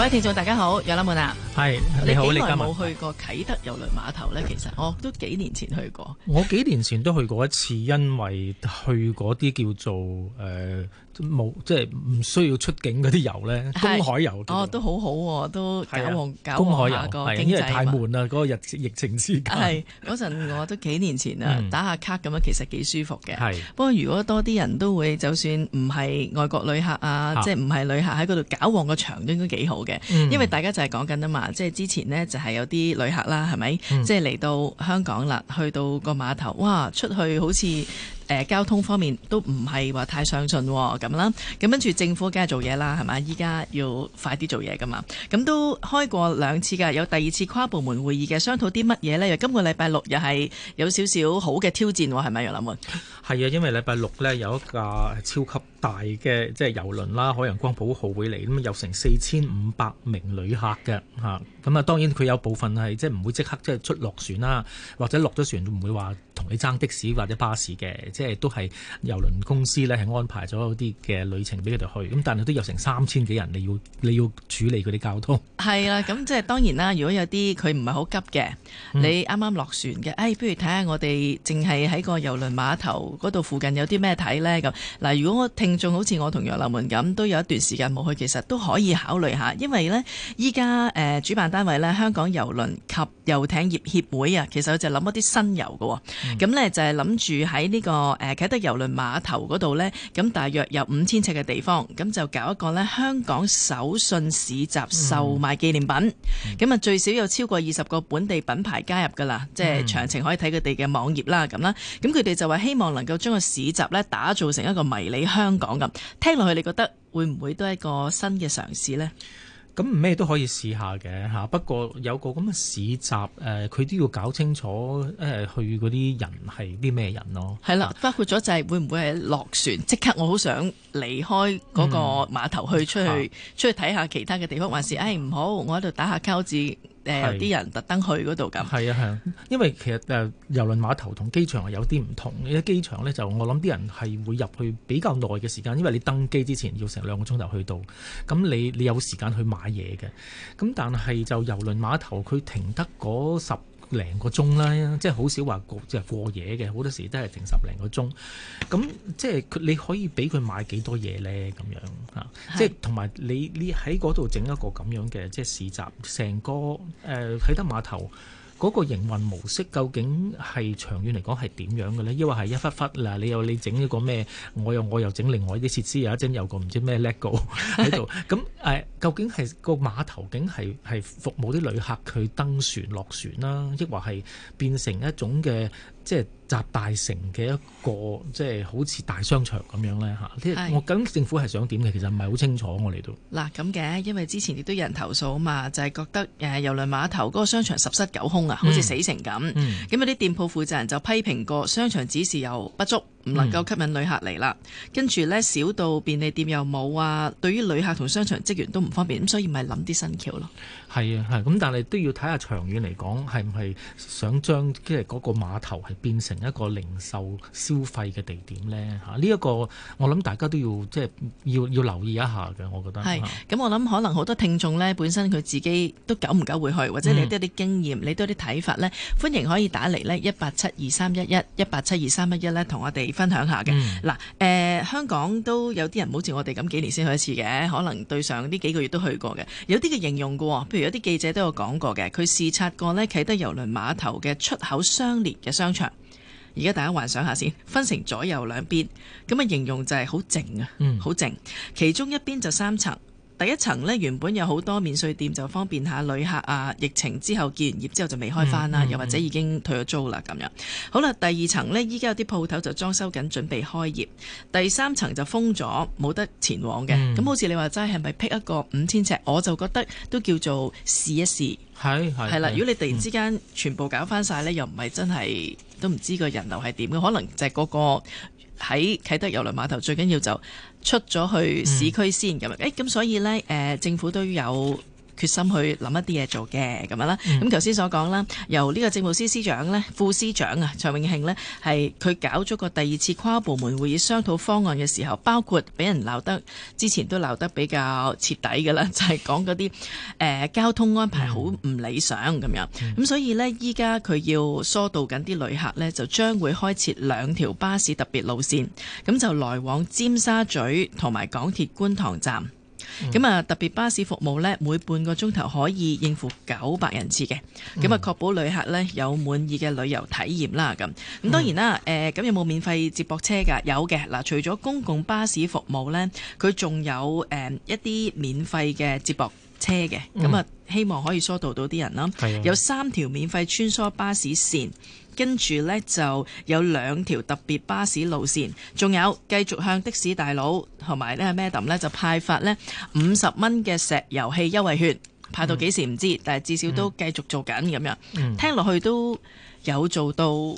各位聽眾，大家好，有啦木啊，係你好，你幾耐冇去過啟德郵輪碼頭咧、嗯？其實我、哦、都幾年前去過，我幾年前都去過一次，因為去嗰啲叫做誒。呃冇即係唔需要出境嗰啲遊咧，公海遊哦都好好，啊，都搞旺、啊、搞旺下個經濟，因為太悶啦，嗰、那個疫情之間。係嗰陣我都幾年前啦，嗯，打下卡咁樣其實幾舒服嘅。不過如果多啲人都會，就算唔係外國旅客啊，即係唔係旅客喺嗰度搞旺個場都應該幾好嘅，嗯，因為大家就係講緊啊嘛。即、就、係、是、之前呢，就係有啲旅客啦，係咪？即係嚟到香港啦，去到個碼頭，哇！出去好似～誒交通方面都唔係話太相信咁啦，咁跟住政府梗係做嘢啦，係咪？依家要快啲做嘢噶嘛，咁都開過兩次㗎，有第二次跨部門會議嘅商討啲乜嘢呢？今個禮拜六又係有少少好嘅挑戰喎，係咪有諗喎？係啊，因為禮拜六呢有一個超級。大嘅即係郵輪啦，海洋光譜號會嚟，咁啊有成四千五百名旅客嘅吓，咁啊當然佢有部分係即係唔會即刻即係出落船啦，或者落咗船唔會話同你爭的士或者巴士嘅，即係都係郵輪公司咧係安排咗啲嘅旅程俾佢哋去。咁但係都有成三千幾人，你要你要處理嗰啲交通。係啦，咁即係當然啦，如果有啲佢唔係好急嘅，嗯，你啱啱落船嘅，誒、哎、不如睇下我哋淨係喺個郵輪碼頭嗰度附近有啲咩睇咧咁。嗱，如果我聽。仲好似我同洋樓門咁，都有一段時間冇去，其實都可以考慮下，因為呢，依家誒主辦單位咧，香港郵輪及遊艇業協會啊，其實佢就諗一啲新遊嘅，咁、嗯、呢，就係諗住喺呢個誒啟德郵輪碼頭嗰度呢，咁大約有五千尺嘅地方，咁就搞一個呢香港手信市集售賣紀念品，咁、嗯、啊最少有超過二十個本地品牌加入㗎啦、嗯，即係詳情可以睇佢哋嘅網頁啦咁啦，咁佢哋就話希望能夠將個市集呢打造成一個迷你香。講咁聽落去，你覺得會唔會都係一個新嘅嘗試呢？咁咩都可以試下嘅，吓，不過有個咁嘅市集，誒、呃，佢都要搞清楚，誒、呃，去嗰啲人係啲咩人咯？係啦，包括咗就係會唔會係落船即刻，我好想離開嗰個碼頭去、嗯、出去，出去睇下其他嘅地方，還是誒唔、哎、好？我喺度打下膠紙呃、有啲人特登去嗰度咁，係啊係啊，因為其實誒郵輪碼頭同機場有啲唔同，因為機場咧就我諗啲人係會入去比較耐嘅時間，因為你登機之前要成兩個鐘頭去到，咁你你有時間去買嘢嘅，咁但係就郵輪碼頭佢停得嗰十零個鐘啦，即係好少話過即係過夜嘅，好多時都係停十零個鐘。咁即係佢你可以俾佢買幾多嘢咧？咁樣嚇，即係同埋你你喺嗰度整一個咁樣嘅即係市集，成個喺、呃、得碼頭。嗰、那個營運模式究竟係長遠嚟講係點樣嘅呢？抑或係一忽忽嗱，你又你整一個咩？我又我又整另外啲設施，又一陣又個唔知咩 Lego 喺度。咁、 哎、究竟係個碼頭竟係係服務啲旅客去登船落船啦，抑或係變成一種嘅？即係集大成嘅一個，即係好似大商場咁樣咧嚇。我咁政府係想點嘅，其實唔係好清楚我哋都。嗱咁嘅，因為之前亦都有人投訴啊嘛，就係、是、覺得誒郵輪碼頭嗰個商場十室九空啊、嗯，好似死城咁。咁有啲店鋪負責人就批評過商場指示又不足。唔能夠吸引旅客嚟啦，跟、嗯、住呢，少到便利店又冇啊，對於旅客同商場職員都唔方便，咁所以咪諗啲新橋咯。係啊，係咁，但係都要睇下長遠嚟講係唔係想將即係嗰個碼頭係變成一個零售消費嘅地點呢？嚇、這個，呢一個我諗大家都要即係要要留意一下嘅，我覺得。係，咁我諗可能好多聽眾呢，本身佢自己都久唔久會去，或者你都有啲經驗、嗯，你都有啲睇法呢。歡迎可以打嚟呢一八七二三一一一八七二三一一呢，同我哋。分享下嘅嗱，誒、嗯呃、香港都有啲人，好似我哋咁幾年先去一次嘅，可能對上呢幾個月都去過嘅。有啲嘅形容嘅譬如有啲記者都有講過嘅，佢視察過咧，啟德郵輪碼頭嘅出口相連嘅商場。而家大家幻想一下先，分成左右兩邊，咁啊形容就係好靜啊，好靜。其中一邊就三層。第一層呢，原本有好多免稅店就方便下旅客啊！疫情之後結完業之後就未開翻啦、嗯嗯，又或者已經退咗租啦咁樣。好啦，第二層呢，依家有啲鋪頭就裝修緊，準備開業。第三層就封咗，冇得前往嘅。咁好似你話齋，係咪辟一個五千尺？我就覺得都叫做試一試。係係。係啦，如果你突然之間全部搞翻晒呢，又唔係真係都唔知個人流係點嘅，可能就係嗰個喺啟德郵輪碼頭最緊要就是。出咗去市區先，咁誒，咁所以咧，誒、呃、政府都有。決心去諗一啲嘢，做嘅咁樣啦。咁頭先所講啦，由呢個政務司司長咧、副司長啊，蔡永慶咧，係佢搞咗個第二次跨部門會議商討方案嘅時候，包括俾人鬧得之前都鬧得比較徹底嘅啦，就係講嗰啲誒交通安排好唔理想咁樣，咁、嗯嗯嗯，所以咧，依家佢要疏導緊啲旅客咧，就將會開設兩條巴士特別路線，咁就來往尖沙咀同埋港鐵觀塘站。咁、嗯、啊，特別巴士服務咧，每半個鐘頭可以應付九百人次嘅，咁、嗯、啊確保旅客咧有滿意嘅旅遊體驗啦。咁咁當然啦，誒、嗯、咁、呃、有冇免費接駁車㗎？有嘅，嗱、呃，除咗公共巴士服務咧，佢仲有誒、呃、一啲免費嘅接駁車嘅，咁、嗯、啊希望可以疏導到啲人啦。有三條免費穿梭巴士線。跟住呢就有兩條特別巴士路線，仲有繼續向的士大佬同埋呢 Madam 呢就派發呢五十蚊嘅石油氣優惠券，派到幾時唔知、嗯，但係至少都繼續做緊咁樣，嗯、聽落去都有做到諗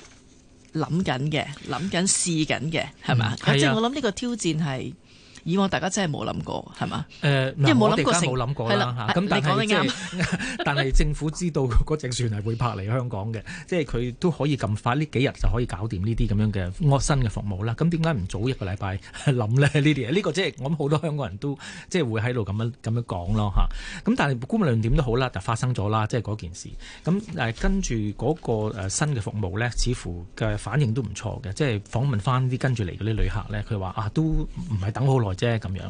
緊嘅，諗緊試緊嘅，係嘛？反正我諗呢個挑戰係。以往大家真係冇諗過，係嘛？誒、呃，因為冇諗過,我想過，而家冇諗過啦。咁、啊、但係政府知道嗰隻船係會泊嚟香港嘅，即係佢都可以咁快呢幾日就可以搞掂呢啲咁樣嘅新嘅服務啦。咁點解唔早一個禮拜諗咧呢啲啊？呢、這個即、就、係、是、我諗好多香港人都即係會喺度咁樣咁樣講咯嚇。咁、啊、但係觀點點都好啦，就發生咗啦，即係嗰件事。咁、啊、誒跟住嗰個新嘅服務咧，似乎嘅反應都唔錯嘅。即、就、係、是、訪問翻啲跟住嚟嗰啲旅客咧，佢話啊，都唔係等好耐。咁樣，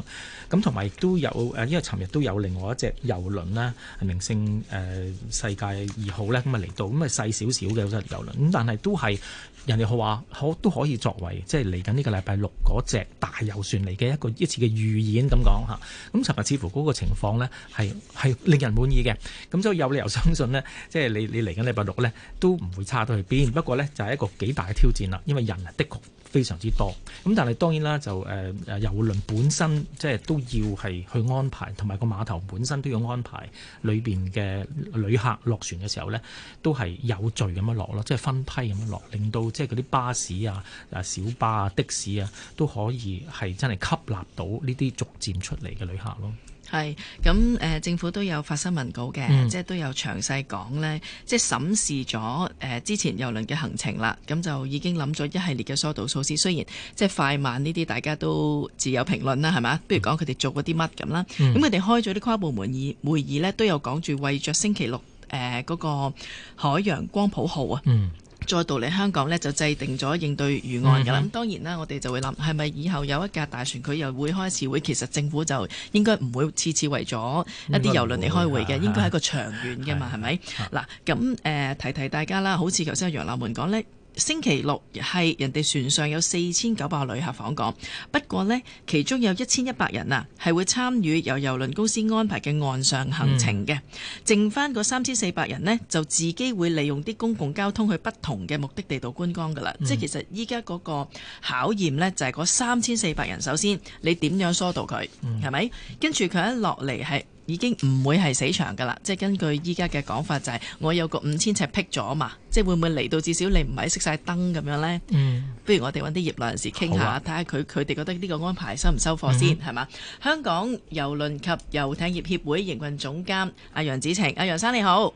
咁同埋亦都有誒，因為尋日都有另外一隻遊輪啦，係名勝、呃、世界二號咧，咁啊嚟到，咁啊細少少嘅嗰隻遊輪，咁但係都係人哋好話可都可以作為即係嚟緊呢個禮拜六嗰隻大遊船嚟嘅一個一次嘅預演咁講吓。咁尋日似乎嗰個情況咧係係令人滿意嘅，咁所以有理由相信呢，即係你你嚟緊禮拜六咧都唔會差到去邊。不過咧就係一個幾大嘅挑戰啦，因為人啊，的確。非常之多，咁但係當然啦，就誒誒郵輪本身即係都要係去安排，同埋個碼頭本身都要安排裏面嘅旅客落船嘅時候呢，都係有序咁樣落咯，即係分批咁樣落，令到即係嗰啲巴士啊、小巴啊、的士啊都可以係真係吸納到呢啲逐漸出嚟嘅旅客咯。係，咁、呃、政府都有發新聞稿嘅、嗯，即係都有詳細講呢即係審視咗、呃、之前郵輪嘅行程啦，咁就已經諗咗一系列嘅疏導措施。雖然即係快慢呢啲大家都自有評論啦，係咪？不如講佢哋做嗰啲乜咁啦。咁佢哋開咗啲跨部門議、嗯、會議呢都有講住為着星期六嗰、呃那個海洋光譜號啊。嗯再度嚟香港呢，就制定咗應對預案㗎啦。咁當然啦，我哋就會諗係咪以後有一架大船，佢又會開一次會。其實政府就應該唔會次次為咗一啲郵輪嚟開會嘅，應該係一個長遠嘅嘛，係、啊、咪？嗱咁誒，提提大家啦。好似頭先阿楊立門講呢。星期六係人哋船上有四千九百個旅客訪港，不過呢，其中有一千一百人啊，係會參與由郵輪公司安排嘅岸上行程嘅，嗯，剩翻嗰三千四百人呢，就自己會利用啲公共交通去不同嘅目的地度觀光噶啦，嗯。即其實依家嗰個考驗呢，就係嗰三千四百人，首先你點樣疏導佢，係咪跟住佢一落嚟係。已經唔會係死場噶啦，即係根據依家嘅講法就係、是，我有個五千尺闢咗嘛，即係會唔會嚟到至少你唔係熄晒燈咁樣呢？嗯，不如我哋揾啲業內人士傾下，睇下佢佢哋覺得呢個安排收唔收貨先，係、嗯、嘛？香港郵輪及遊艇業協會營運總監阿楊梓呈，阿楊生你好。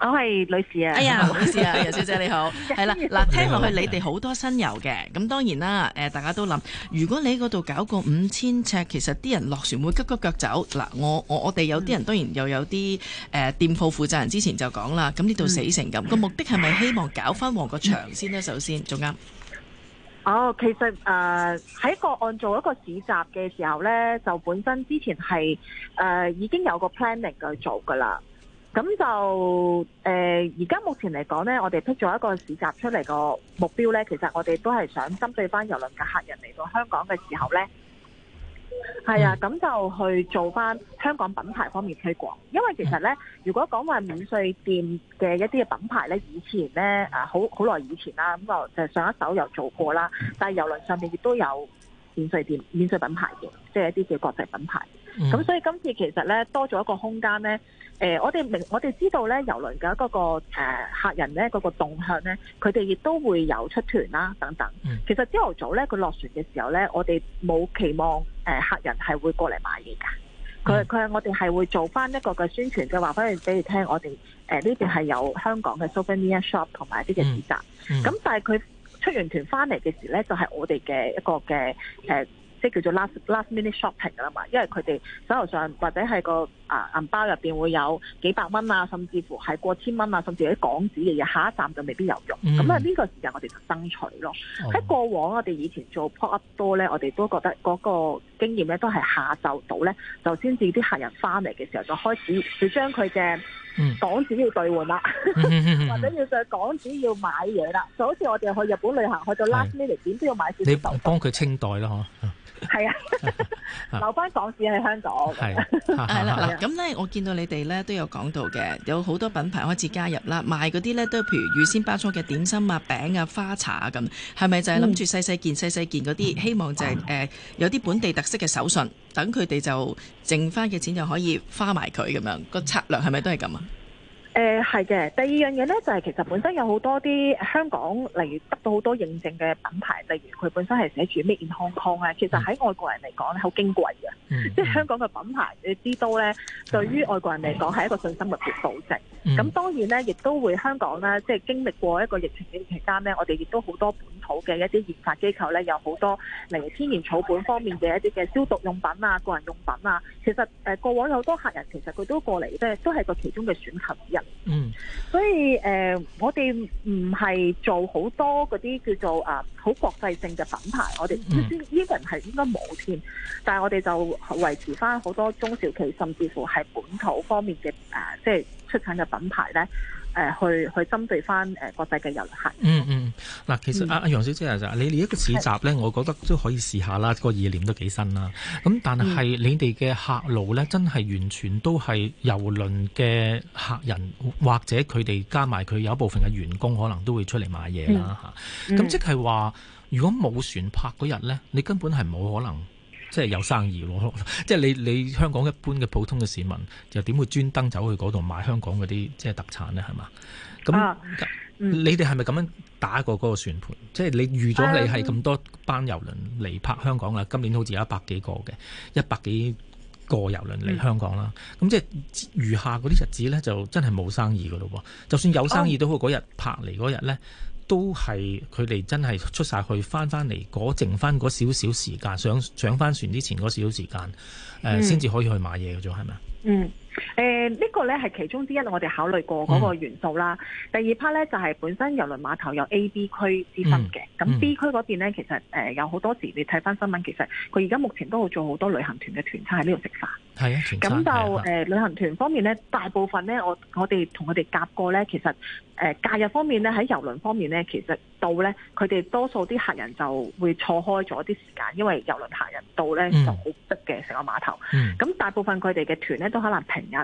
我係女士啊，哎呀，唔好意思啊，楊小姐你好，係 啦，嗱，聽落去你哋好你們很多新遊嘅，咁當然啦，誒、呃，大家都諗，如果你嗰度搞個五千尺，其實啲人落船會急急腳走，嗱，我我我哋有啲人、嗯、當然又有啲誒，店鋪負責人之前就講啦，咁呢度死成咁，個、嗯、目的係咪希望搞翻旺個場先呢、啊嗯？首先，總監。哦，其實誒，喺、呃、個案做一個市集嘅時候咧，就本身之前係誒、呃、已經有個 planning 去做噶啦。咁就誒，而家目前嚟講咧，我哋推咗一個市集出嚟個目標咧，其實我哋都係想針對翻郵輪嘅客人嚟到香港嘅時候咧，係啊，咁就去做翻香港品牌方面推廣。因為其實咧，如果講話免稅店嘅一啲嘅品牌咧，以前咧啊，好好耐以前啦，咁就就上一手又做過啦。但係郵輪上面亦都有免稅店、免稅品牌嘅，即係一啲叫國際品牌。咁所以今次其實咧，多咗一個空間咧。誒、呃，我哋明，我哋知道咧郵輪嘅嗰、那個、呃、客人咧嗰、那個動向咧，佢哋亦都會有出團啦、啊、等等。嗯、其實朝頭早咧，佢落船嘅時候咧，我哋冇期望、呃、客人係會過嚟買嘢㗎。佢佢我哋係會做翻一個嘅宣傳嘅話，翻嚟俾你聽，我哋誒呢邊係有香港嘅 Souvenir Shop 同埋啲嘅市集。咁、嗯嗯嗯、但係佢出完團翻嚟嘅時咧，就係、是、我哋嘅一個嘅即叫做 last last minute shopping 啦嘛，因為佢哋手頭上或者係個啊銀包入面會有幾百蚊啊，甚至乎係過千蚊啊，甚至啲港紙嘅嘢，下一站就未必有用。咁啊呢個時間我哋就爭取咯。喺、哦、過往我哋以前做 pop up 多咧，我哋都覺得嗰個經驗咧都係下晝到咧，就先至啲客人翻嚟嘅時候，就開始就將佢嘅港紙要兌換啦，嗯、 或者要上港紙要買嘢啦。就好似我哋去日本旅行，去到 last minute 點都要買少少手袋。你幫佢清袋啦，嗬？係 啊，留翻港紙喺香港。係啦、啊，嗱、啊，咁 咧、啊，我見到你哋咧都有講到嘅，有好多品牌開始加入啦，賣嗰啲咧都譬如預先包裝嘅點心啊、餅啊、花茶啊咁，係咪就係諗住細細件小小、細細件嗰啲，希望就係、是呃、有啲本地特色嘅手信，等佢哋就剩翻嘅錢就可以花埋佢咁樣，個策略係咪都係咁啊？誒係嘅，第二樣嘢咧就係、是、其實本身有好多啲香港例如得到好多認證嘅品牌，例如佢本身係寫住咩健康啊，其實喺外國人嚟講咧好矜貴嘅，即係香港嘅品牌你知道呢，咧、嗯，對於外國人嚟講係一個信心特別保證。咁、嗯、當然咧，亦都會香港咧，即、就、係、是、經歷過一個疫情嘅期間咧，我哋亦都好多本土嘅一啲研發機構咧，有好多例如天然草本方面嘅一啲嘅消毒用品啊、個人用品啊，其實誒、呃、過往有好多客人其實佢都過嚟即係都係個其中嘅選擇之一。嗯，所以誒、呃，我哋唔係做好多嗰啲叫做啊好國際性嘅品牌，我哋呢個人係應該冇添，但係我哋就維持翻好多中小企，甚至乎係本土方面嘅誒、啊，即係出產嘅品牌咧。誒去去針對翻誒國際嘅遊客人。嗯嗯，嗱其實阿阿楊小姐就你呢一個市集咧，我覺得都可以試下啦。這個意念都幾新啊。咁但係你哋嘅客路咧，真係完全都係郵輪嘅客人，或者佢哋加埋佢有一部分嘅員工，可能都會出嚟買嘢啦嚇。咁即係話，如果冇船泊嗰日咧，你根本係冇可能。即係有生意喎，即係你你香港一般嘅普通嘅市民，又點會專登走去嗰度買香港嗰啲即係特產呢？係嘛？咁、啊嗯、你哋係咪咁樣打過嗰個算盤？即係你預咗你係咁多班郵輪嚟泊香港啦、哎嗯。今年好似有一百幾個嘅，一百幾個郵輪嚟香港啦。咁、嗯、即係餘下嗰啲日子呢，就真係冇生意噶咯喎。就算有生意都好，嗰日泊嚟嗰日呢，都係佢哋真係出晒去，翻翻嚟嗰剩翻嗰少少時間，上上翻船之前嗰少時間，誒先至可以去買嘢嘅啫，係咪？嗯。誒、呃，呢、這個咧係其中之一，我哋考慮過嗰個元素啦。嗯、第二 part 咧就係、是、本身郵輪碼頭有 A、B 區之分嘅。咁、嗯嗯、B 區嗰邊咧，其實誒、呃、有好多時你睇翻新聞，其實佢而家目前都好做好多旅行團嘅團餐喺呢度食飯。係、嗯、啊，咁就誒、嗯呃、旅行團方面咧，大部分咧我我哋同佢哋夾過咧，其實誒、呃、假日方面咧喺郵輪方面咧，其實到咧佢哋多數啲客人就會錯開咗啲時間，因為郵輪客人到咧、嗯、就好逼嘅成個碼頭。咁、嗯、大部分佢哋嘅團咧都可能平日。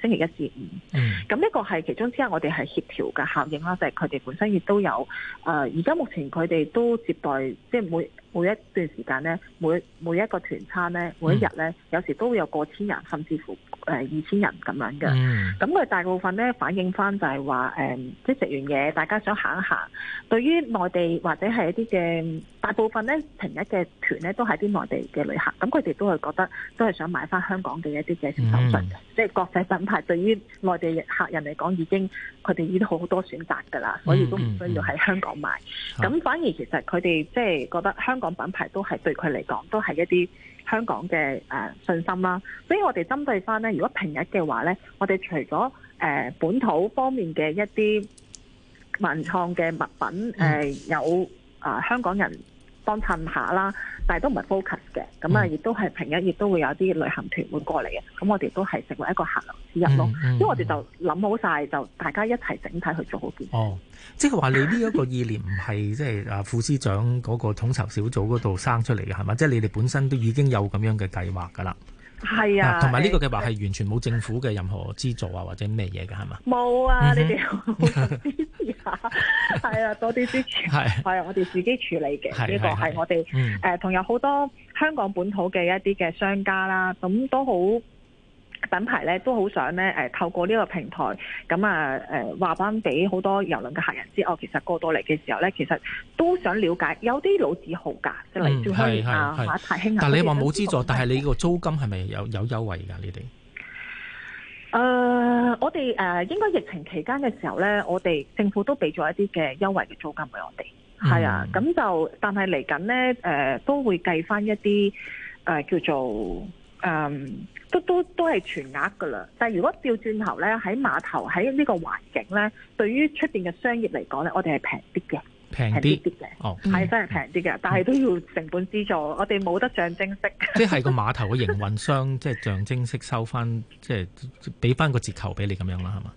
星期一至五，咁、這、呢個係其中之一，我哋係協調嘅效應啦，就係佢哋本身亦都有，誒而家目前佢哋都接待，即係每每一段時間咧，每每一個團餐咧，每一日咧、嗯，有時都會有過千人，甚至乎誒、呃、二千人咁樣嘅。咁、嗯、佢大部分咧反映翻就係話誒，即係食完嘢，大家想行一行。對於內地或者係一啲嘅大部分咧平日嘅團咧，都係啲內地嘅旅客，咁佢哋都係覺得都係想買翻香港嘅一啲嘅手信、嗯，即係國際品牌對於內地客人嚟講已經，佢哋已經好好多選擇噶啦，所以都唔需要喺香港買，咁反而其實，佢哋即係覺得香港品牌都係對佢嚟講都係一啲香港嘅誒信心啦。所以我哋針對翻咧，如果平日嘅話咧，我哋除咗誒本土方面嘅一啲文創嘅物品，誒有誒香港人。幫襯下啦，但係都唔係 focus 嘅，咁啊，亦都係平日亦都會有啲旅行團會過嚟嘅，咁我哋都係成為一個客流之一咯。嗯嗯、因為我哋就諗好晒，就大家一齊整體去做嗰件事哦，即係話你呢一個意念唔係即係啊副司長嗰個統籌小組嗰度生出嚟嘅係嘛？即係你哋本身都已經有咁樣嘅計劃㗎啦。係啊，同埋呢個計劃係完全冇政府嘅任何資助、欸、啊，或者咩嘢嘅係嘛？冇啊，你哋啲支持下，係 啊，多啲支持，係，啊，我哋自己處理嘅呢、啊呢個係我哋誒，同、啊啊呃、有好多香港本土嘅一啲嘅商家啦，咁都好。品牌咧都好想咧，誒、呃、透過呢一個平台，咁啊誒、呃、話翻俾好多郵輪嘅客人知，我其實過到嚟嘅時候咧，其實都想了解，有啲老字號㗎，即、嗯、係例如是是是啊太興，但係你話冇資助，但係你個租金係咪有有優惠㗎？你哋？誒，我哋誒、呃、應該疫情期間嘅時候咧，我哋政府都俾咗一啲嘅優惠嘅租金俾我哋。係、嗯、啊，咁就但係嚟緊咧，誒、呃、都會計翻一啲誒、呃、叫做。嗯、um，都都都係全額噶啦，但係如果掉轉頭咧，喺碼頭喺呢個環境咧，對於出邊嘅商業嚟講咧，我哋係平啲嘅，平啲啲嘅，哦，係真係平啲嘅，嗯、但係都要成本支助，嗯、我哋冇得象徵式，即係個碼頭嘅營運商 即係象徵式收翻，即係俾翻個折扣俾你咁樣啦，係嘛？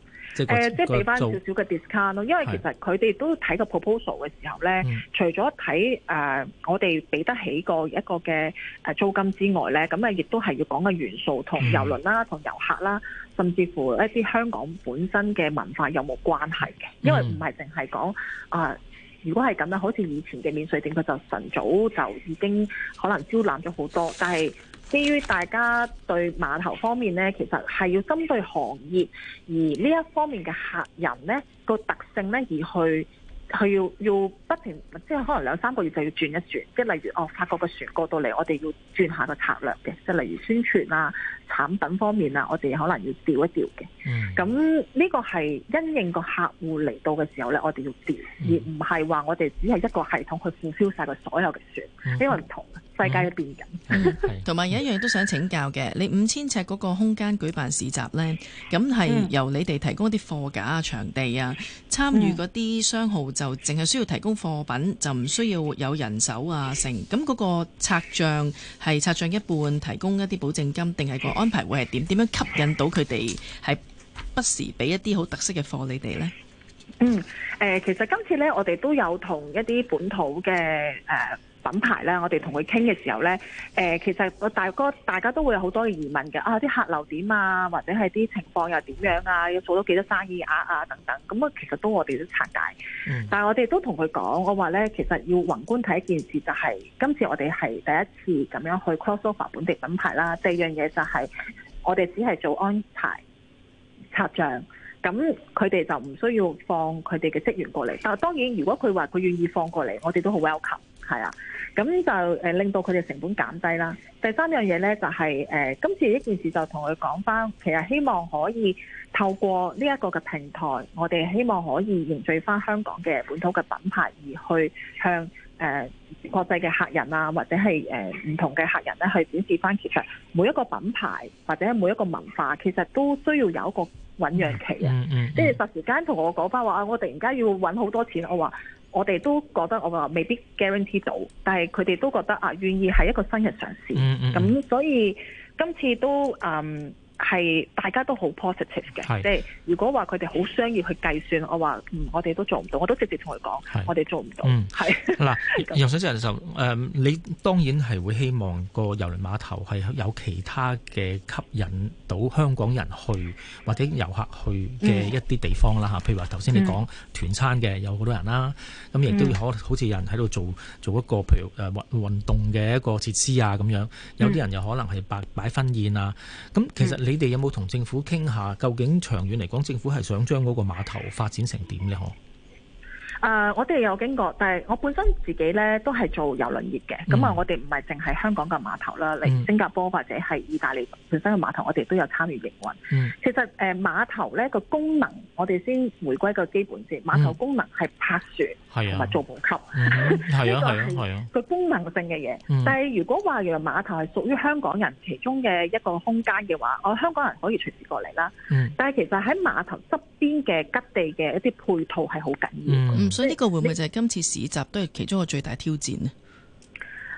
誒、那個呃，即係俾翻少少嘅 discount 咯，因為其實佢哋都睇個 proposal 嘅時候咧、嗯，除咗睇誒我哋俾得起個一個嘅誒租金之外咧，咁誒亦都係要講嘅元素同郵輪啦、同遊客啦，甚至乎一啲香港本身嘅文化有冇關係嘅，因為唔係淨係講啊。如果係咁樣，好似以前嘅免稅店，佢就晨早就已經可能招攬咗好多，但係。基於大家對碼頭方面呢，其實係要針對行業而呢一方面嘅客人呢、那個特性呢，而去去要要不停，即係可能兩三個月就要轉一轉。即係例如哦，法國個船過到嚟，我哋要轉下個策略嘅。即係例如宣傳啊、產品方面啊，我哋可能要調一調嘅。嗯，咁呢個係因應個客戶嚟到嘅時候呢，我哋要調，而唔係話我哋只係一個系統去覆蓋晒佢所有嘅船，mm -hmm. 因為唔同。世界入邊同埋、嗯嗯嗯、 有一樣嘢都想請教嘅，你五千尺嗰個空間舉辦市集呢，咁係由你哋提供一啲貨架、場地啊，參與嗰啲商號就淨係需要提供貨品，就唔需要有人手啊、成咁嗰個拆賬係拆賬一半，提供一啲保證金，定係個安排會係點？點樣吸引到佢哋係不時俾一啲好特色嘅貨你哋呢？嗯，呃、其實今次呢，我哋都有同一啲本土嘅品牌呢，我哋同佢傾嘅時候呢，誒，其實大哥大家都會有好多嘅疑問嘅，啊，啲客流點啊，或者係啲情況又點樣啊，要做到幾多生意額啊，啊等等，咁啊，其實都我哋都拆解，嗯，但係我哋都同佢講，我話呢，其實要宏觀睇一件事，就是、就係今次我哋係第一次咁樣去 cross over 本地品牌啦。第二樣嘢就係、是、我哋只係做安排、拆帳，咁佢哋就唔需要放佢哋嘅職員過嚟。但當然，如果佢話佢願意放過嚟，我哋都好 welcome，係啊。咁就令到佢哋成本減低啦。第三樣嘢咧就係、是、誒、呃、今次呢件事就同佢講翻，其實希望可以透過呢一個嘅平台，我哋希望可以凝聚翻香港嘅本土嘅品牌，而去向誒、呃、國際嘅客人啊，或者係唔、呃、同嘅客人咧，去展示翻其實每一個品牌或者每一個文化，其實都需要有一個醖釀期啊。即係突然間同我講翻話啊，我突然間要揾好多錢，我話。我哋都覺得我話未必 guarantee 到，但係佢哋都覺得啊，願意係一個新嘅嘗試。咁、嗯嗯嗯、所以今次都嗯。係大家都好 positive 嘅，即係如果話佢哋好商業去計算，我話、嗯、我哋都做唔到，我都直接同佢講，我哋做唔到。係、嗯、嗱，游水之人就誒，你當然係會希望個郵輪碼頭係有其他嘅吸引到香港人去或者遊客去嘅一啲地方啦吓，譬、嗯、如話頭先你講團餐嘅有好多人啦，咁亦都可好似有人喺度做做一個譬如誒運運動嘅一個設施啊咁樣，有啲人又可能係擺擺婚宴啊，咁、嗯、其實、嗯。你哋有冇同政府傾下？究竟長遠嚟講，政府係想將嗰個碼頭發展成點咧？嗬。誒、uh，我哋有經過，但係我本身自己咧都係做遊輪業嘅，咁、嗯、啊，我哋唔係淨係香港嘅碼頭啦，嚟新加坡或者係意大利、嗯、本身嘅碼頭，我哋都有參與營運。其實誒，碼、呃、頭咧個功能，我哋先回歸個基本先。碼、嗯、頭功能係泊船同埋、啊、做補給，係、嗯這個係佢功能性嘅嘢、啊啊啊。但係如果話原來碼頭係屬於香港人其中嘅一個空間嘅話，我香港人可以隨時過嚟啦、嗯。但係其實喺碼頭側邊嘅吉地嘅一啲配套係好緊要。嗯所以呢個會唔會就係今次市集都係其中個最大挑戰呢？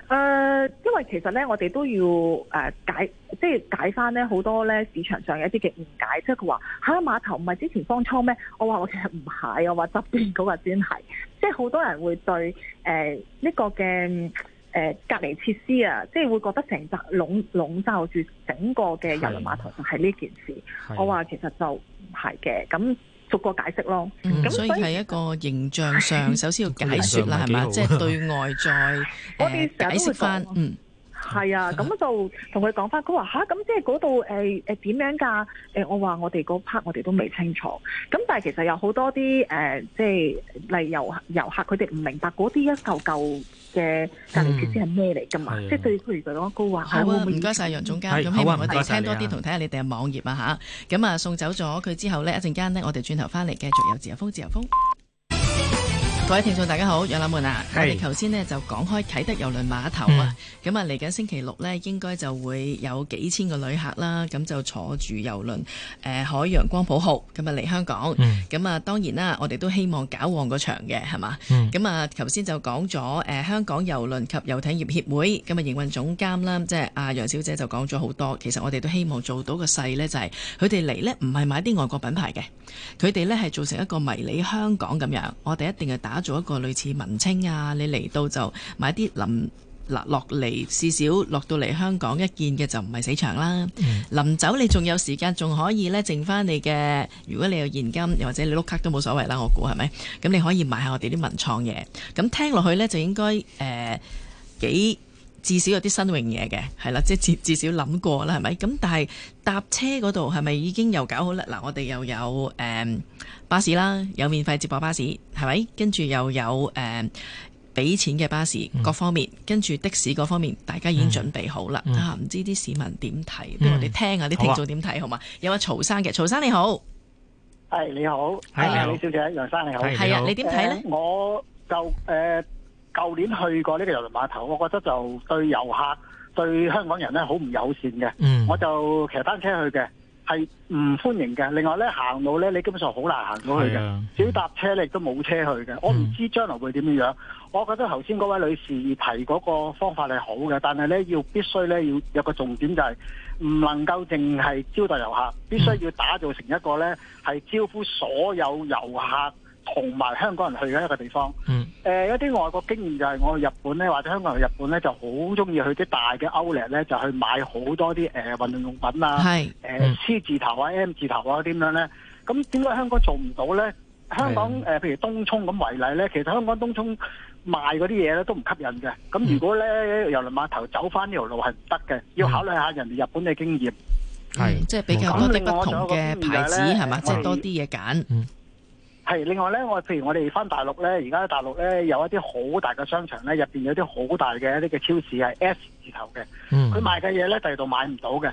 誒、呃，因為其實呢，我哋都要誒解，即係解翻呢好多呢市場上的一啲嘅誤解，即係佢話喺碼頭唔係之前當初咩？我話我其實唔係，我話側邊嗰個先係，即係好多人會對誒呢、呃這個嘅誒、呃、隔離設施啊，即係會覺得成集籠籠罩住整個嘅郵輪碼頭就係呢件事。我話其實就唔係嘅咁。逐個解釋咯，咁所以係一個形象上，首先要解説啦，係嘛？即係對外再誒解釋翻。嗯，係啊，咁就同佢講翻，佢話吓，咁即係嗰度誒誒點樣㗎？誒，我話我哋嗰 part 我哋都未清楚。咁但係其實有好多啲誒，即係例遊遊客，佢哋唔明白嗰啲一嚿嚿。嘅隔離措施係咩嚟㗎嘛？即係對佢而家攞高啊！好啊，唔該晒楊總監，咁希望我哋聽多啲同睇下你哋、啊、嘅網頁啊吓，咁啊送走咗佢之後咧，一陣間咧我哋轉頭翻嚟繼續有自由風，自由風。各位聽眾大家好，楊立滿啊，我哋頭先呢就講開啟德郵輪碼頭啊，咁、嗯、啊嚟緊星期六呢應該就會有幾千個旅客啦，咁就坐住郵輪誒、呃、海洋光譜號咁啊嚟香港，咁、嗯、啊當然啦，我哋都希望搞旺個場嘅，係嘛？咁、嗯、啊頭先就講咗誒、呃、香港郵輪及遊艇業協會咁啊，營運總監啦，即係阿楊小姐就講咗好多，其實我哋都希望做到個勢呢，就係佢哋嚟呢唔係買啲外國品牌嘅，佢哋呢係做成一個迷你香港咁樣，我哋一定要打。做一個類似文青啊，你嚟到就買啲臨嗱落嚟，至少落到嚟香港一見嘅就唔係死場啦。Mm -hmm. 臨走你仲有時間，仲可以呢剩翻你嘅，如果你有現金，又或者你碌卡都冇所謂啦。我估係咪？咁你可以買下我哋啲文創嘢。咁聽落去呢，就應該誒、呃、幾。至少有啲新穎嘢嘅，係啦，即係至至少諗過啦，係咪？咁但係搭車嗰度係咪已經又搞好啦？嗱，我哋又有誒、嗯、巴士啦，有免費接駁巴士，係咪？跟住又有誒俾、嗯、錢嘅巴士，各方面跟住、嗯、的士各方面，大家已經準備好啦、嗯嗯。啊，唔知啲市民點睇？我哋聽下、啊、啲聽眾點睇好嘛、啊？有阿曹生嘅，曹生你好，係你好，係你好，李小姐，楊生你好，係啊，你點睇咧？我就誒。呃舊年去過呢個郵輪碼頭，我覺得就對遊客、對香港人咧好唔友善嘅、嗯。我就騎單車去嘅，係唔歡迎嘅。另外咧，行路咧，你基本上好難行到去嘅。小搭、啊啊、車咧，你亦都冇車去嘅。我唔知將來會點樣、嗯。我覺得頭先嗰位女士提嗰個方法係好嘅，但係咧要必須咧要有個重點就係、是、唔能夠淨係招待遊客，必須要打造成一個咧係招呼所有遊客。同埋香港人去嘅一個地方，誒一啲外國經驗就係我去日本咧，或者香港人去日本咧，就好中意去啲大嘅 Outlet 咧，就去買好多啲誒、呃、運動用品啊、呃嗯、C 字頭啊、M 字頭啊啲咁樣咧。咁點解香港做唔到咧？香港、呃、譬如東涌咁為例咧，其實香港東涌賣嗰啲嘢咧都唔吸引嘅。咁如果咧郵輪碼頭走翻呢條路係唔得嘅，要考慮一下人哋日本嘅經驗，係、嗯嗯、即係比較多啲不同嘅牌子係嘛，即係多啲嘢揀。嗯。係，另外咧，我譬如我哋翻大陸咧，而家大陸咧有一啲好大嘅商場咧，入面有啲好大嘅一啲嘅超市係 S 字頭嘅，佢賣嘅嘢咧第二度買唔到嘅。誒、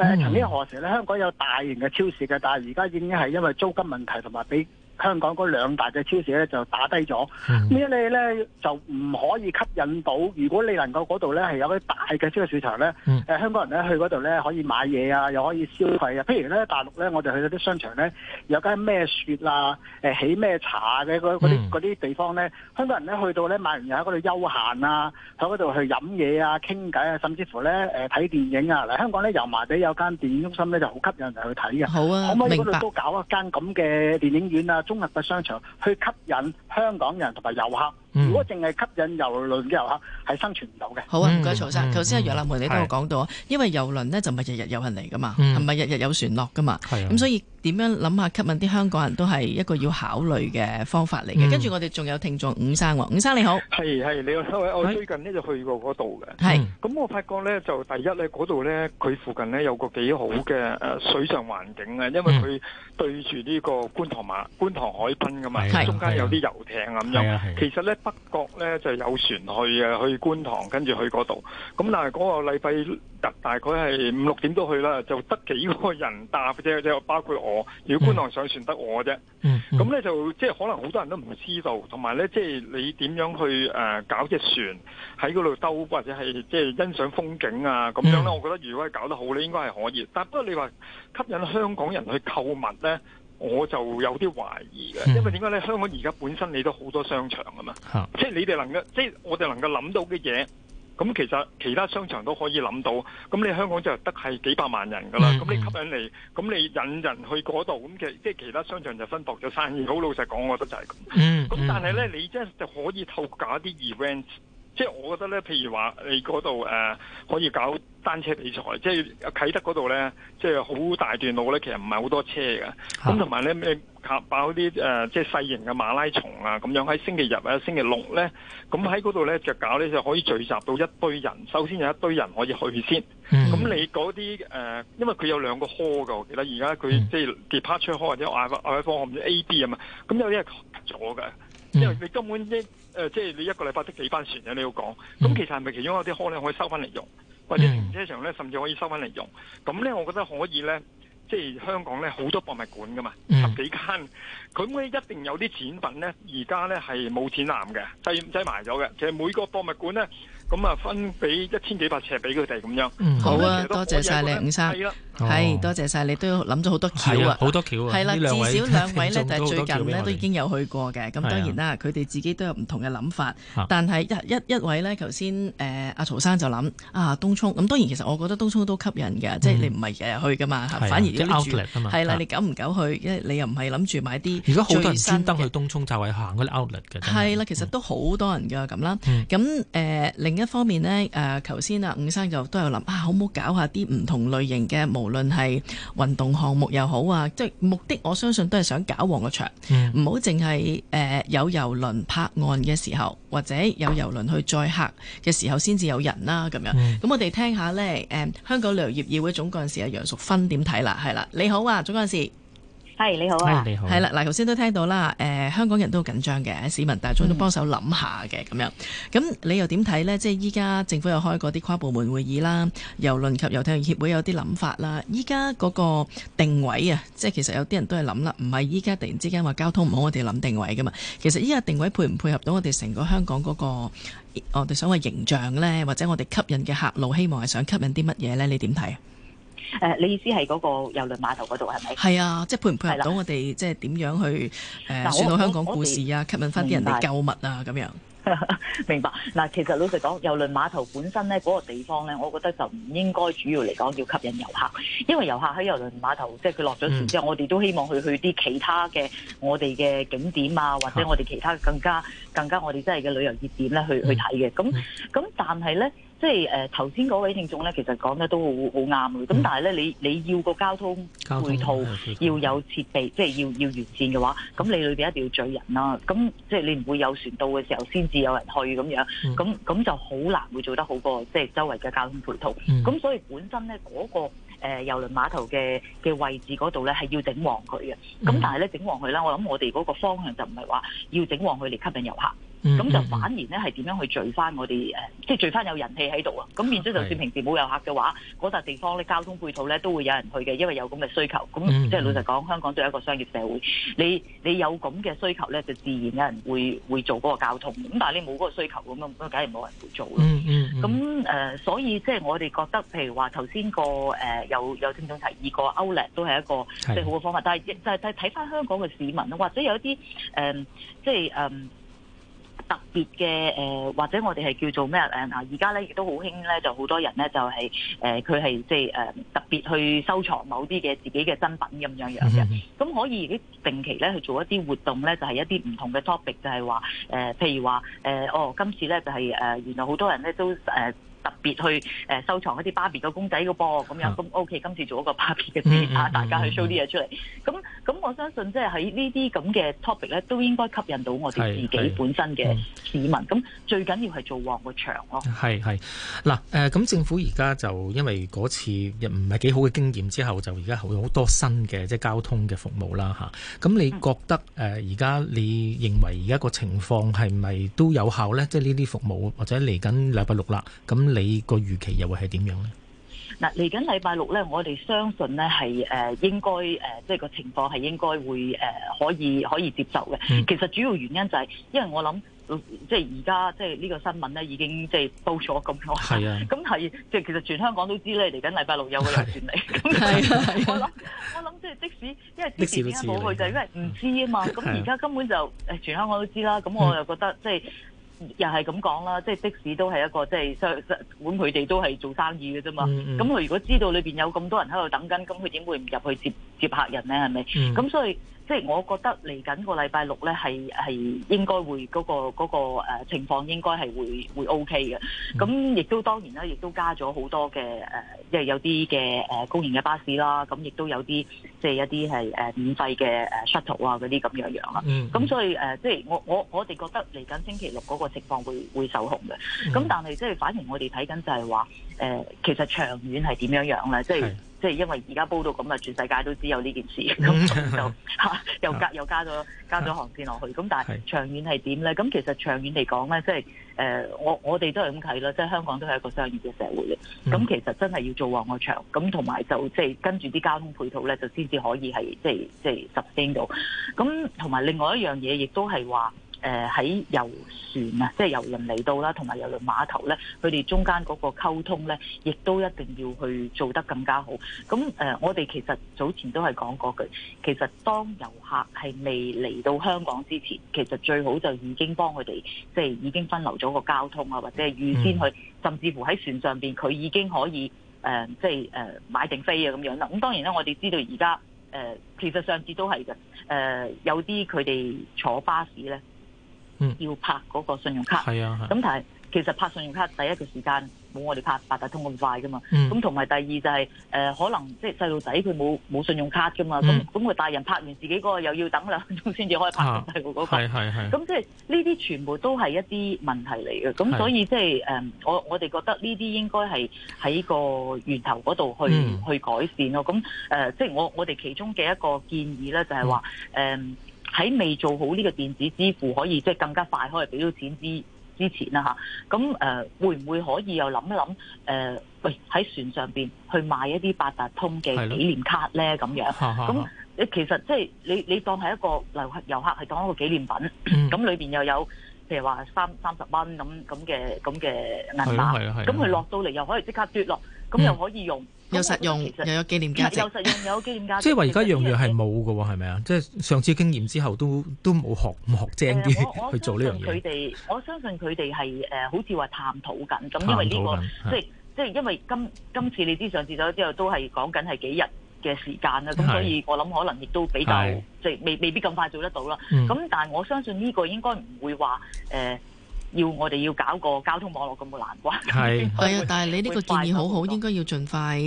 嗯呃，曾經何時咧香港有大型嘅超市嘅，但係而家已經係因為租金問題同埋俾香港嗰兩大嘅超市咧就打低咗，嗯、你呢一嚟咧就唔可以吸引到。如果你能夠嗰度咧係有啲大嘅超市場咧、嗯呃，香港人咧去嗰度咧可以買嘢啊，又可以消費啊。譬如咧大陸咧，我哋去嗰啲商場咧，有間咩雪啊，啊起咩茶嘅嗰啲嗰啲地方咧，香港人咧去到咧買完又喺嗰度休閒啊，喺嗰度去飲嘢啊、傾偈啊，甚至乎咧睇、呃、電影啊。嗱，香港咧油麻地有間電影中心咧就好吸引人去睇嘅、啊，好啊，可唔可以嗰度都搞一間咁嘅電影院啊？綜合嘅商場去吸引香港人同埋遊客。如果淨係吸引遊輪嘅遊客，係生存唔到嘅。好啊，唔該曹生，頭先阿楊立梅你都有講到啊，因為遊輪咧就咪日日有人嚟㗎嘛，係咪日日有船落㗎嘛，咁所以點樣諗下吸引啲香港人都係一個要考慮嘅方法嚟嘅。跟住我哋仲有聽眾伍生，伍生你好。係係，你好。我最近咧就去過嗰度嘅。係。咁我發覺咧就第一咧，嗰度咧佢附近咧有個幾好嘅誒水上環境啊，因為佢對住呢個觀塘碼觀塘海濱㗎嘛，中間有啲遊艇啊咁樣。係啊係。其實咧。北角咧就有船去啊，去觀塘跟住去嗰度。咁但係嗰個禮拜日大概係五六點都去啦，就得幾個人搭啫，即係包括我。如果觀塘上船得我啫，咁咧就即係可能好多人都唔知道。同埋咧，即係你點樣去誒搞隻船喺嗰度兜，或者係即係欣賞風景啊咁樣咧？我覺得如果係搞得好咧，應該係可以。但不過你話吸引香港人去購物咧？我就有啲懷疑嘅，因為點解咧？香港而家本身你都好多商場㗎嘛，嗯、即係你哋能夠，即係我哋能夠諗到嘅嘢，咁其實其他商場都可以諗到。咁你香港就得係幾百萬人噶啦，咁、嗯、你吸引嚟，咁你引人去嗰度，咁其即係其他商場就分薄咗生意。好老實講，我覺得就係咁。咁、嗯、但係咧、嗯，你真係就可以透過一啲 event。即係我覺得咧，譬如話你嗰度誒可以搞單車比賽，即係啟德嗰度咧，即係好大段路咧，其實唔係好多車嘅。咁同埋咧咩，把爆啲誒即係細型嘅馬拉松啊，咁樣喺星期日或者星期六咧，咁喺嗰度咧就搞咧就可以聚集到一堆人。首先有一堆人可以去先。咁你嗰啲誒，因為佢有兩個 hall 㗎，我記得而家佢即係 departure hall 或者 IY IY hall 唔知 A B 啊嘛，咁有啲係咗㗎。 因為你根本一即係你一個禮拜得幾班船嘅，你要講，咁其實係咪其中有啲可呢？可以收翻嚟用，或者停車場咧，甚至可以收翻嚟用？咁咧，我覺得可以咧，即係香港咧好多博物館噶嘛，十幾間，佢會一定有啲展品咧，而家咧係冇展覽嘅，擠擠埋咗嘅。其實每個博物館咧。咁啊，分俾一千幾百尺俾佢哋咁樣、嗯。好啊，多謝晒你，五生，係、oh. 多謝晒你，都諗咗好多橋啊，好多橋係啦，至少兩位咧，誒最近咧都已經有去過嘅。咁當然啦，佢哋、啊、自己都有唔同嘅諗法。啊、但係一一一位咧，頭、啊、先阿曹生就諗啊，東涌。咁當然其實我覺得東涌都吸引嘅、嗯，即係你唔係日日去㗎嘛是、啊，反而要啲住。係、就、啦、是啊，你久唔久去，因為你又唔係諗住買啲。如果好多人專登去東涌就係行嗰啲 Outlet 嘅。係啦、啊嗯，其實都好多人㗎咁啦。咁、嗯呃、另。一方面呢，誒、呃，頭先啊，伍生就都有諗啊，可唔可以搞下啲唔同類型嘅，無論係運動項目又好啊，即係目的，我相信都係想搞旺個場，唔好淨係誒有郵輪泊岸嘅時候，或者有郵輪去載客嘅時候先至有人啦咁樣。咁、mm. 我哋聽下呢誒、呃，香港旅遊業議會總幹事啊，楊淑芬點睇啦？係啦，你好啊，總幹事。係你好啊，係啦、啊，嗱，頭先都聽到啦，誒、呃，香港人都好緊張嘅，市民大眾都幫手諗下嘅咁、嗯、樣。咁你又點睇呢？即係依家政府又開過啲跨部門會議啦，郵輪及遊艇協會有啲諗法啦。依家嗰個定位啊，即係其實有啲人都係諗啦，唔係依家突然之間話交通唔好，我哋諗定位噶嘛。其實依家定位配唔配合到我哋成個香港嗰、那個我哋所謂形象呢，或者我哋吸引嘅客路，希望係想吸引啲乜嘢呢？你點睇？誒、呃，你意思係嗰個郵輪碼頭嗰度係咪？係啊，即係配唔配合到我哋、啊，即係點樣去誒，呃啊、講到香港故事啊，吸引翻啲人哋購物啊，咁樣。 明白嗱，其實老實講，郵輪碼頭本身咧嗰、嗰個地方咧，我覺得就唔應該主要嚟講要吸引遊客，因為遊客喺郵輪碼頭，即係佢落咗船之後，嗯、我哋都希望佢去去啲其他嘅我哋嘅景點啊，或者我哋其他更加、啊、更加我哋真係嘅旅遊熱點咧去、嗯、去睇嘅。咁咁，但係咧。即係誒頭先嗰位聽眾咧，其實講得都好好啱嘅。咁、嗯、但係咧，你你要個交通配套要有設備，即係要要完善嘅話，咁你裏邊一定要聚人啦、啊。咁即係你唔會有船到嘅時候先至有人去咁樣，咁咁、嗯、就好難會做得好過即係周圍嘅交通配套。咁、嗯、所以本身咧嗰、那個誒郵、呃、輪碼頭嘅嘅位置嗰度咧係要整旺佢嘅。咁、嗯、但係咧整旺佢啦。我諗我哋嗰個方向就唔係話要整旺佢嚟吸引遊客。咁、嗯嗯嗯、就反而咧，係點樣去聚翻我哋、呃、即係聚翻有人氣喺度啊！咁然之後就算平時冇遊客嘅話，嗰笪、那個、地方咧交通配套咧都會有人去嘅，因為有咁嘅需求。咁、嗯嗯、即係老實講、嗯，香港都係一個商業社會，你你有咁嘅需求咧，就自然有人會會做嗰個交通。咁但係你冇嗰個需求咁樣，咁梗係冇人會做啦。咁、嗯、誒、嗯呃，所以即係我哋覺得，譬如話頭先個誒、呃、有有聽眾提議個 Outlet 都係一個最好嘅方法，但係就係睇翻香港嘅市民或者有一啲、呃、即係特別嘅誒、呃，或者我哋係叫做咩誒啊？而家咧亦都好興咧，就好多人咧就係、是、誒，佢係即係誒特別去收藏某啲嘅自己嘅真品咁樣樣嘅。咁可以定期咧去做一啲活動咧，就係、是、一啲唔同嘅 topic，就係話誒，譬如話誒、呃，哦，今次咧就係、是、誒、呃，原來好多人咧都誒。呃特別去收藏一啲芭比個公仔嘅噃，咁樣咁 OK、嗯。今次做一個芭比嘅啊，大家去 show 啲嘢出嚟。咁、嗯、咁，嗯、我相信即係喺呢啲咁嘅 topic 咧，都應該吸引到我哋自己本身嘅市民。咁、嗯、最緊要係做旺個場咯。係係嗱誒，咁、嗯、政府而家就因為嗰次又唔係幾好嘅經驗之後，就而家好好多新嘅即係交通嘅服務啦嚇。咁你覺得而家你認為而家個情況係咪都有效咧？即係呢啲服務或者嚟緊禮拜六啦咁。你個預期又會係點樣咧？嗱，嚟緊禮拜六咧，我哋相信咧係誒應該誒，即、呃、係、這個情況係應該會誒、呃、可以可以接受嘅、嗯。其實主要原因就係、是、因為我諗，即係而家即係呢個新聞咧已經即係報咗咁多，係啊，咁係即係其實全香港都知咧嚟緊禮拜六有個大轉嚟。咁係、啊啊，我諗 我諗即係即使因為之前啲人冇去就係因為唔知啊嘛。咁而家根本就誒全香港都知啦。咁我又覺得、嗯、即係。又係咁講啦，即係的士都係一個，即係，相相管佢哋都係做生意嘅啫嘛。咁、嗯、佢、嗯、如果知道裏邊有咁多人喺度等緊，咁佢點會唔入去接接客人咧？係咪？咁、嗯、所以。即係我覺得嚟緊個禮拜六咧，係係應該會嗰個嗰個誒情況應該係會會 OK 嘅，咁亦都當然啦，亦都加咗好多嘅誒，即係有啲嘅誒公營嘅巴士啦，咁亦都有啲即係一啲係誒免費嘅誒 shuttle 啊嗰啲咁樣樣啊，咁所以誒即係我我我哋覺得嚟緊星期六嗰個情況會會受控嘅，咁但係即係反而我哋睇緊就係話。誒、呃，其實長遠係點樣樣咧？即係即係因為而家煲到咁啊，全世界都知有呢件事，咁 以就 又加 又加咗了 加咗航線落去。咁但係長遠係點咧？咁其實長遠嚟講咧，即係誒，我我哋都係咁睇啦，即、就、係、是、香港都係一個商業嘅社會嚟。咁、嗯、其實真係要做旺個場，咁同埋就即係、就是、跟住啲交通配套咧，就先至可以係即係即係提到。咁同埋另外一樣嘢，亦都係話。誒喺遊船啊，即係遊輪嚟到啦，同埋遊輪碼頭咧，佢哋中間嗰個溝通咧，亦都一定要去做得更加好。咁誒、呃，我哋其實早前都係講過句，其實當遊客係未嚟到香港之前，其實最好就已經幫佢哋，即、就、係、是、已經分流咗個交通啊，或者係預先去，嗯、甚至乎喺船上邊佢已經可以誒、呃，即係誒、呃、買定飛啊咁樣啦。咁當然啦，我哋知道而家誒，其實上次都係嘅，誒、呃、有啲佢哋坐巴士咧。嗯、要拍嗰個信用卡，咁、啊啊、但係其實拍信用卡第一個時間冇我哋拍八達通咁快噶嘛，咁同埋第二就係、是、誒、呃、可能即係細路仔佢冇冇信用卡噶嘛，咁咁佢大人拍完自己嗰個又要等兩分鐘先至可以拍到細路嗰個，咁即係呢啲全部都係一啲問題嚟嘅，咁所以即係誒我我哋覺得呢啲應該係喺個源頭嗰度去、嗯、去改善咯，咁誒即係我我哋其中嘅一個建議咧就係話誒。嗯喺未做好呢個電子支付可以即係更加快可以俾到錢之之前啦嚇，咁誒會唔會可以又諗一諗誒喺船上邊去買一啲八達通嘅紀念卡咧咁樣？咁你其實即係你你當係一個遊遊客係當一個紀念品，咁裏邊又有譬如話三三十蚊咁咁嘅咁嘅銀碼，咁佢落到嚟又可以即刻嘟落，咁又可以用。有實用又有紀念價值，有實用有紀念價值。即係話而家樣樣係冇㗎喎，係咪啊？即係上次經驗之後都都冇學唔學精啲去做呢樣嘢。我我相信佢哋，我相信佢哋係誒，好似話探討緊咁，因為呢個即係即係因為今今次你知上次走之後都係講緊係幾日嘅時間啦。咁所以我諗可能亦都比較即係未未必咁快做得到啦。咁但係我相信呢個應該唔會話誒。要我哋要搞個交通網絡咁難關？係係啊，但係你呢個建議好好，應該要盡快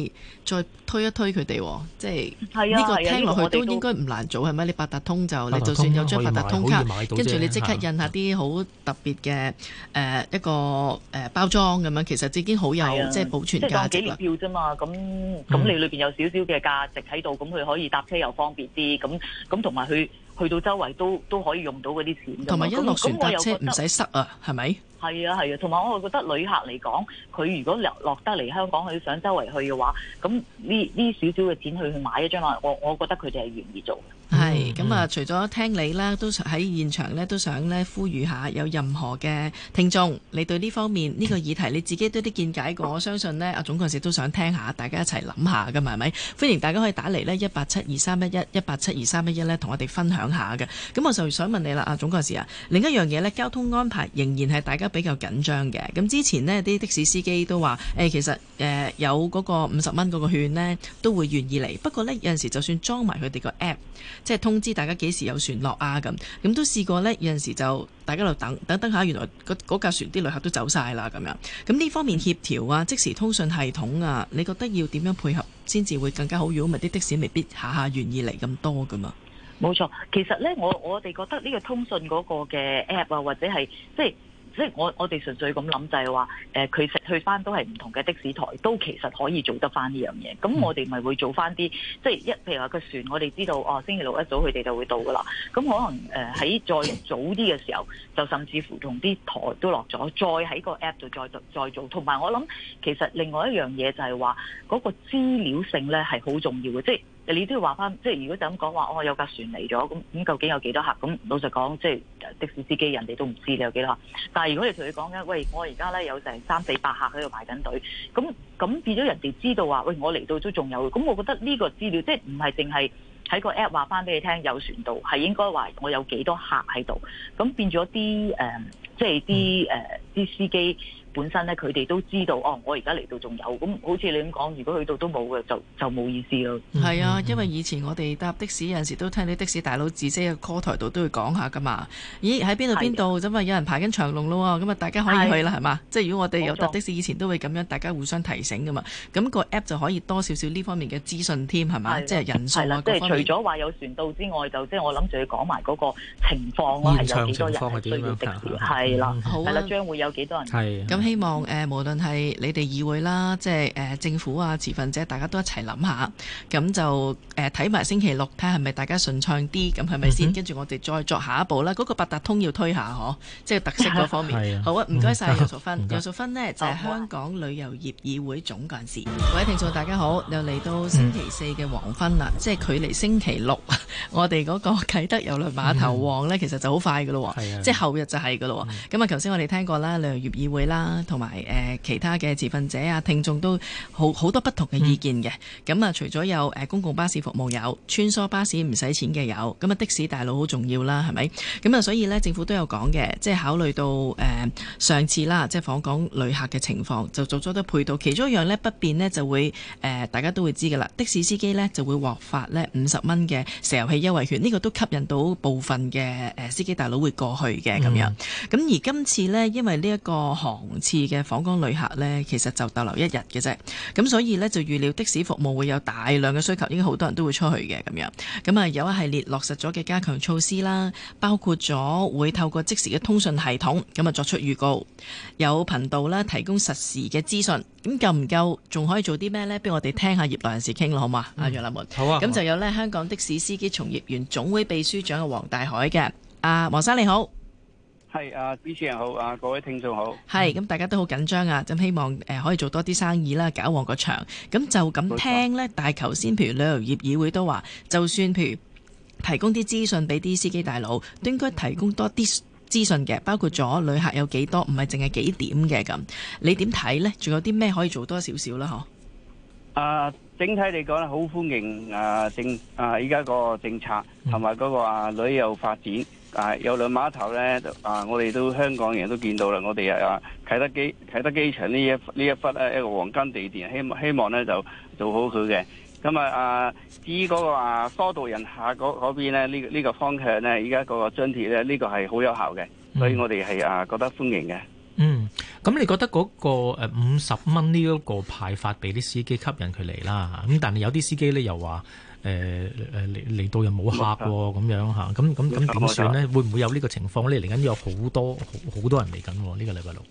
再推一推佢哋。即係呢個、啊、聽落去都應該唔難做係咪？你八達通就你就算有張八達通卡，跟住你即刻印一下啲好特別嘅誒、啊呃、一個包裝咁樣，其實已經好有即係、啊就是、保存價值。幾年票啫嘛，咁咁你裏面有少少嘅價值喺度，咁、嗯、佢可以搭車又方便啲，咁咁同埋佢。去到周圍都都可以用到嗰啲錢，同埋一落船搭車唔使塞啊，係咪？係啊係啊，同埋我係覺得旅客嚟講，佢如果落得嚟香港，佢想周圍去嘅話，咁呢呢少少嘅錢去去買一張啊，我我覺得佢哋係願意做嘅。係，咁啊，除咗聽你啦，都喺現場呢，都想呢，呼籲下，有任何嘅聽眾，你對呢方面呢個議題，你自己都有啲見解過。我相信呢阿總幹事都想聽下，大家一齊諗下㗎。係咪？歡迎大家可以打嚟呢一八七二三一一一八七二三一一呢，同我哋分享下嘅。咁我就想問你啦，阿總幹事啊，另一樣嘢呢，交通安排仍然係大家比較緊張嘅。咁之前呢啲的士司機都話，其實誒有嗰個五十蚊嗰個券呢，都會願意嚟。不過呢，有陣時就算裝埋佢哋個 app。即係通知大家幾時有船落啊！咁咁都試過呢。有陣時就大家喺度等，等等等下，原來嗰架船啲旅客都走晒啦咁樣。咁呢方面協調啊，即時通訊系統啊，你覺得要點樣配合先至會更加好？如果唔係，啲的士未必下下願意嚟咁多㗎嘛。冇錯，其實呢，我我哋覺得呢個通訊嗰個嘅 app 啊，或者係即係。即係即係我我哋純粹咁諗就係、是、話，誒佢食去翻都係唔同嘅的，的士台，都其實可以做得翻呢樣嘢。咁我哋咪會做翻啲，即係一譬如話個船，我哋知道哦，星期六一早佢哋就會到噶啦。咁可能誒喺、呃、再早啲嘅時候，就甚至乎同啲台都落咗，再喺個 app 度再再做。同埋我諗，其實另外一樣嘢就係話，嗰、那個資料性咧係好重要嘅，即係。你都要話翻，即係如果就咁講話，哦我有架船嚟咗，咁咁究竟有幾多客？咁老實講，即係的士司機人哋都唔知你有幾多客。但係如果你同佢講咧，喂，我而家咧有成三四百客喺度排緊隊，咁咁變咗人哋知道話，喂，我嚟到都仲有。咁我覺得呢個資料即係唔係淨係喺個 app 話翻俾你聽有船到，係應該話我有幾多客喺度。咁變咗啲、呃、即係啲啲司機。本身咧，佢哋都知道，哦，我而家嚟到仲有，咁好似你咁講，如果去到都冇嘅，就就冇意思咯。係啊，因為以前我哋搭的士有陣時都聽啲的士大佬自己嘅 call 台度都會講下噶嘛。咦，喺邊度邊度？咁啊，有人排緊長龍咯喎，咁啊，大家可以去啦，係嘛？即係如果我哋有搭的士，以前都會咁樣，大家互相提醒噶嘛。咁個 app 就可以多少少呢方面嘅資訊添，係嘛？即係人數啊，各方面。即係除咗話有船到之外，就即係我諗住要講埋嗰個情況咯，係有幾多人需要的士？係啦，係啦，將會有幾多人？係。希望誒、呃，無論係你哋議會啦，即係誒、呃、政府啊、持份者，大家都一齊諗下，咁就誒睇埋星期六，睇下係咪大家順暢啲，咁係咪先？跟、嗯、住、嗯、我哋再作下一步啦。嗰、那個八達通要推下，嗬，即係特色嗰方面。好啊，唔該晒楊淑芬。楊淑芬呢，就係、是、香港旅遊業議會總幹事。啊、各位聽眾大家好，又嚟到星期四嘅黃昏啦、嗯嗯，即係距離星期六我哋嗰個啟德郵輪碼頭旺呢、嗯嗯，其實就好快嘅咯喎，即係後日就係嘅咯喎。咁、嗯、啊，頭先我哋聽過啦，旅遊業議會啦。同埋、呃、其他嘅持份者啊，聽眾都好好多不同嘅意見嘅。咁、嗯、啊，除咗有誒公共巴士服務，有穿梭巴士唔使錢嘅有，咁啊的士大佬好重要啦，係咪？咁啊，所以咧政府都有講嘅，即係考慮到誒、呃、上次啦，即係訪港旅客嘅情況就做咗啲配套。其中一樣咧不變咧，就會誒、呃、大家都會知㗎啦。的士司機咧就會獲發咧五十蚊嘅石油氣優惠券，呢、這個都吸引到部分嘅誒司機大佬會過去嘅，咁樣咁、嗯、而今次咧，因為呢一個行次嘅訪港旅客呢，其實就逗留一日嘅啫，咁所以呢，就預料的士服務會有大量嘅需求，應該好多人都會出去嘅咁樣，咁啊有一系列落實咗嘅加強措施啦，包括咗會透過即時嘅通訊系統咁啊作出預告，有頻道啦提供實時嘅資訊，咁夠唔夠？仲可以做啲咩呢？俾我哋聽下業內人士傾咯，好嘛？阿楊立文，好啊，咁、啊、就有呢香港的士司機從業員總會秘書長嘅黃大海嘅，啊黃生你好。係啊，主持人好啊，各位聽眾好。係咁，大家都好緊張啊，咁希望誒、呃、可以做多啲生意啦，搞旺個場。咁就咁聽呢，但係頭先，譬如旅遊業議會都話，就算譬如提供啲資訊俾啲司機大佬，都應該提供多啲資訊嘅，包括咗旅客有幾多，唔係淨係幾點嘅咁。你點睇呢？仲有啲咩可以做多少少啦？嗬？啊，整體嚟講呢，好歡迎啊政啊，依、呃、家、呃、個政策同埋嗰個啊、呃嗯呃、旅遊發展。啊！有兩碼頭咧，啊！我哋都香港人都見到啦。我哋啊，啟德機啟德機場呢一呢一忽咧，一個黃金地點，希望希望咧就做好佢嘅。咁啊啊！至於嗰個啊，疏導人下嗰邊咧，呢呢個方向咧，而家嗰個津貼咧，呢個係好有效嘅，所以我哋係啊覺得歡迎嘅。嗯，咁你覺得嗰個五十蚊呢一個派發俾啲司機吸引佢嚟啦？咁但係有啲司機咧又話。誒誒嚟嚟到又冇客喎，咁樣嚇，咁咁咁點算咧？會唔會有呢個情況咧？嚟緊有好多好多人嚟緊喎，呢個禮拜六。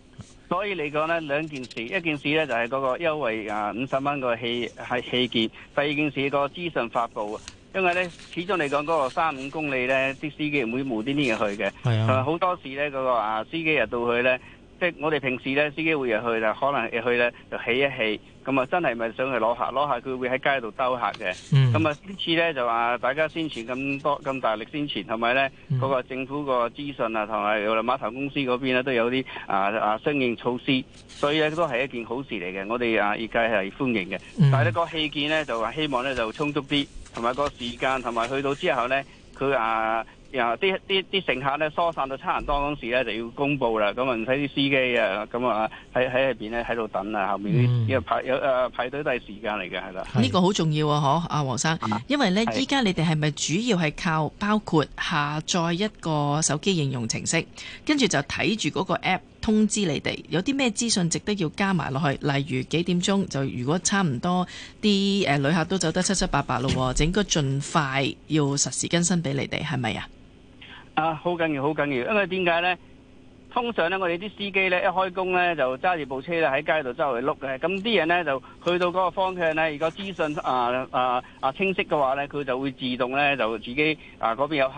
所以嚟講咧，兩件事，一件事咧就係嗰個優惠啊，五十蚊個氣係氣件；第二件事，個資訊發布，因為咧始終嚟講嗰個三五公里咧，啲司機唔會無端端入去嘅。係啊，好多時咧嗰個啊司機入到去咧，即係我哋平時咧司機會入去就可能入去咧就起一氣。咁、嗯、啊，真係咪上去攞客？攞客佢會喺街度兜客嘅。咁啊，呢次咧就話大家先前咁多咁大力先前同埋咧嗰個政府個資訊啊，同埋我哋碼頭公司嗰邊咧都有啲啊啊相應措施，所以咧都係一件好事嚟嘅。我哋啊，業界係歡迎嘅。但係呢個氣件咧就話希望咧就充足啲，同埋個時間，同埋去到之後咧佢啊。啲啲乘客咧疏散到差唔多嗰陣時就要公佈啦。咁啊唔使啲司機啊，咁啊喺喺入邊呢，喺度等啊。後面呢呢排有誒、啊、排隊都係時間嚟嘅，係啦。呢、這個好重要啊！嗬，阿黃生，因為呢，依、啊、家你哋係咪主要係靠包括下載一個手機應用程式，跟住就睇住嗰個 app 通知你哋有啲咩資訊值得要加埋落去，例如幾點鐘就如果差唔多啲誒旅客都走得七七八八咯，就應該盡快要實時更新俾你哋係咪啊？是。啊，好緊要，好緊要，因為點解呢？通常呢，我哋啲司機呢，一開工呢，就揸住部車咧喺街度周圍碌嘅，咁啲人呢，就去到嗰個方向呢，如果資訊啊啊啊清晰嘅話呢，佢就會自動呢，就自己啊嗰邊有客。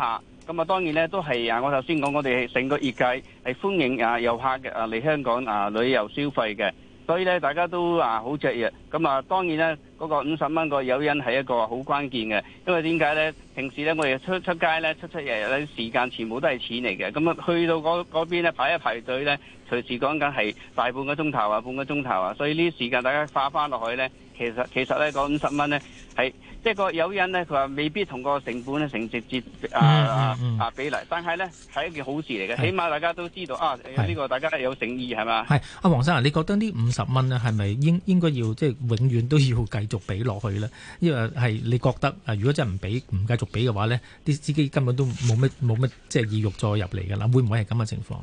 咁啊，當然呢，都係啊，我頭先講我哋整個業界係歡迎啊遊客嘅啊嚟香港啊旅遊消費嘅。所以咧，大家都啊好雀躍咁啊。當然咧嗰、嗰個五十蚊個誘因係一個好關鍵嘅，因為點解咧？平時咧，我哋出出街咧，出出日日咧，時間全部都係錢嚟嘅，咁啊去到嗰邊呢，咧排一排隊咧。隨時講緊係大半個鐘頭啊，半個鐘頭啊，所以呢啲時間大家花翻落去咧，其實其實咧，嗰五十蚊咧係即係個有人咧，佢話未必同個成本成直接啊啊啊，比、呃、例、嗯嗯，但係咧係一件好事嚟嘅，起碼大家都知道啊，呢、這個大家有誠意係嘛？係阿黃生，你覺得呢五十蚊咧係咪應應該要即係、就是、永遠都要繼續俾落去咧？因為係你覺得啊，如果真係唔俾唔繼續俾嘅話咧，啲司機根本都冇乜冇乜即係意欲再入嚟㗎啦，會唔會係咁嘅情況？誒、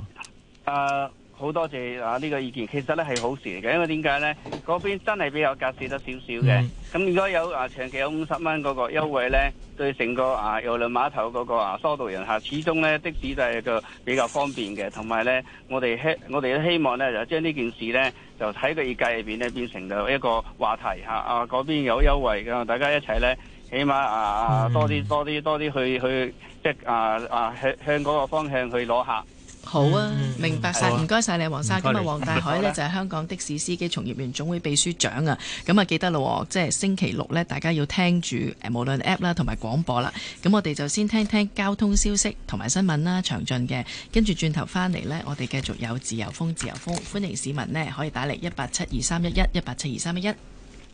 呃。好多謝啊！呢個意見其實咧係好事嚟嘅，因為點解咧？嗰邊真係比較格少得少少嘅。咁如果有啊長期有五十蚊嗰個優惠咧，對成個啊郵輪碼頭嗰個啊疏導人哈，始終咧的士就係個比較方便嘅。同埋咧，我哋希我哋都希望咧就將呢件事咧，就喺個業界入邊咧變成咗一個話題吓啊！嗰邊有優惠嘅，大家一齊咧，起碼啊多點多點多點啊多啲多啲多啲去去即係啊啊向向嗰個方向去攞客。好啊，嗯、明白晒，唔該晒你黃生。咁啊，黃大海呢就係香港的士司機從業員總會秘書長啊。咁啊，記得啦，即係星期六呢，大家要聽住誒，無論 app 啦同埋廣播啦。咁我哋就先聽聽交通消息同埋新聞啦，詳盡嘅。跟住轉頭翻嚟呢，我哋繼續有自由風，自由風，歡迎市民呢可以打嚟一八七二三一一一八七二三一一。